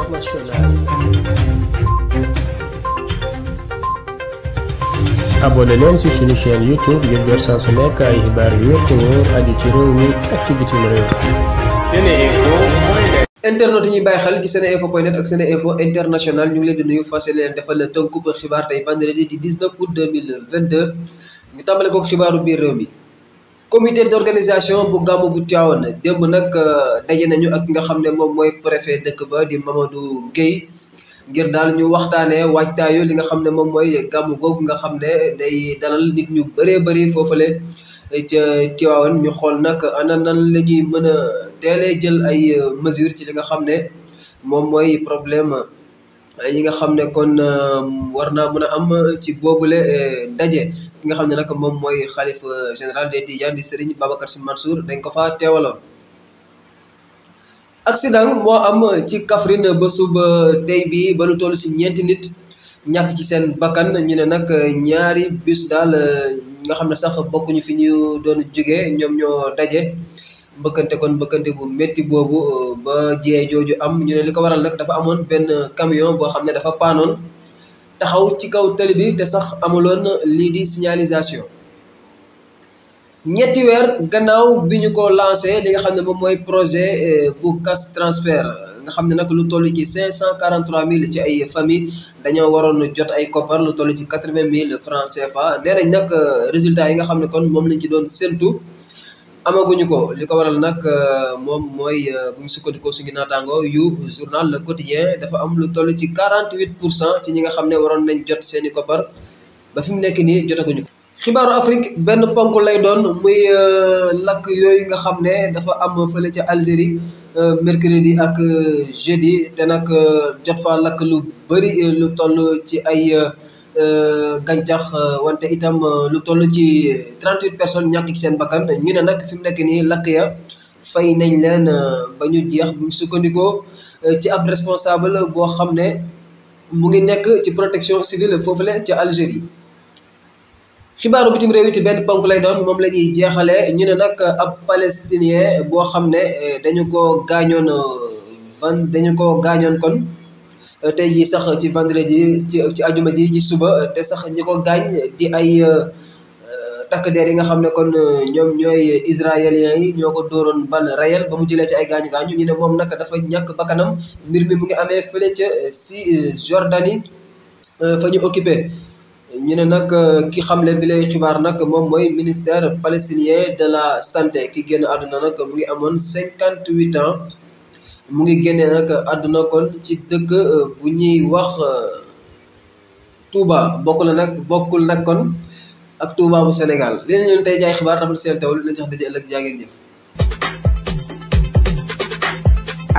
internationale. abonné leen ci suñu chaîne YouTube ngir jot saa su nekk ay xibaar yu wér te ci réew mi ak ci bitim réew. internet yi ñuy bàyyi xel ci seneinfo point net ak international ñu ngi leen di nuyu fas leen defal tënkub xibaar tey vendredi di 19 août 2022 ñu tàmbale ko xibaaru biir réew mi. comité d'organisation bu gàmmu bu Tivaouane démb nag euh, daje nañu ak nga xam ne moom mooy préfet dëkk ba di Mamadou Guèye ngir daal ñu waxtaanee waajtaayu li nga xam ne moom mooy gàmmu googu nga xam ne day dalal ligg ñu bëree foofu foofale ca Tivaouane ñu xool nag ana nan mën a teelee jël ay euh, mesures ci li nga xam ne moom mooy problème. yi nga xam ne kon euh, war naa mun a am ci boobule euh, daje ki nga xam ne nag moom mooy xalif général des Tidianes di Serigne Babacar Sy Mansour dañ ko fa teewaloon. accident moo am ci Kaffrine ba suba tey bi ba lu toll si ñeenti nit ñàkk ci seen bakkan ñu ne nag ñaari bus daal euh, nga xam ne sax bokkuñu fi ñu doon jógee ñoom ñoo daje. bëkkante kon bëkkante bu métti boobu euh, ba jiyee jooju am ñu ne li ko waral nag dafa amoon benn camion boo xam ne dafa paanoon taxaw ci kaw tali bi te sax amuloon lii di signalisation ñetti weer gannaaw bi ñu ko lancé li nga xam ne moom mooy projet euh, bu cash transfert nga xam ne nag lu toll ci cinq cent quarante trois mille ci ay famille dañoo waroon jot ay koppar lu toll ci quatre vingt mille francs CFA nee nañ euh, résultat yi nga xam ne kon moom lañ ci doon séntu. amaguñu ko li ko waral nag euh, moom mooy euh, bu ñu sukkandikoo suñu naataango yu journal Le Quotidien dafa am lu toll ci 48 pour cent ci ñi nga xam ne waroon nañ jot seeni i koppar ba fi mu nekk nii jotaguñu ko. xibaaru Afrique benn ponk lay doon muy euh, lakk yooyu nga xam ne dafa am fële ca Algérie mercredi ak jeudi te nag jot faa lakk lu bëri lu toll ci ay. Euh, gàncax euh, wante itam euh, lu toll ci 38 personnes ñàkk seen bakkan ñu ne nag fi mu nekk nii lakk ya fay nañ leen ba ñu jeex bu sukkandikoo ci ab responsable boo xam ne mu ngi nekk ci protection civile foofule ci Algérie. xibaaru bitim réew it benn ponk lay doon moom la ñuy jeexale ñu ne nag ab palestinien boo xam ne dañu ko gaañoon dañu ko gaañoon kon. Euh, tey jii sax ci vendredi ci ci ajuma ji ci suba euh, te sax ñi ko gaañ di ay euh, takk der yi nga xam ne kon ñoom ñooy israéliens yi ñoo ko dóoroon ban rayel ba mu jëlee ci ay gaañu-gaañu ñu ne moom nag dafa ñàkk bakkanam mbir mi mu ngi amee fële si Jordanie fa ñu occupé ñu ne nag ki leen bi lay xibaar nag moom mooy ministère palestinien de la santé ki génn àdduna nag mu ngi amoon cinquante huit ans mu ngi génnee nag àdduna kon ci dëkk euh, bu ñuy wax euh, Touba bokk la nag bokkul nag kon ak Touba bu Sénégal li ñu tey jaay xibaar rafetlu seen teewlu li ñu jox daje ëllëg jaa ngeen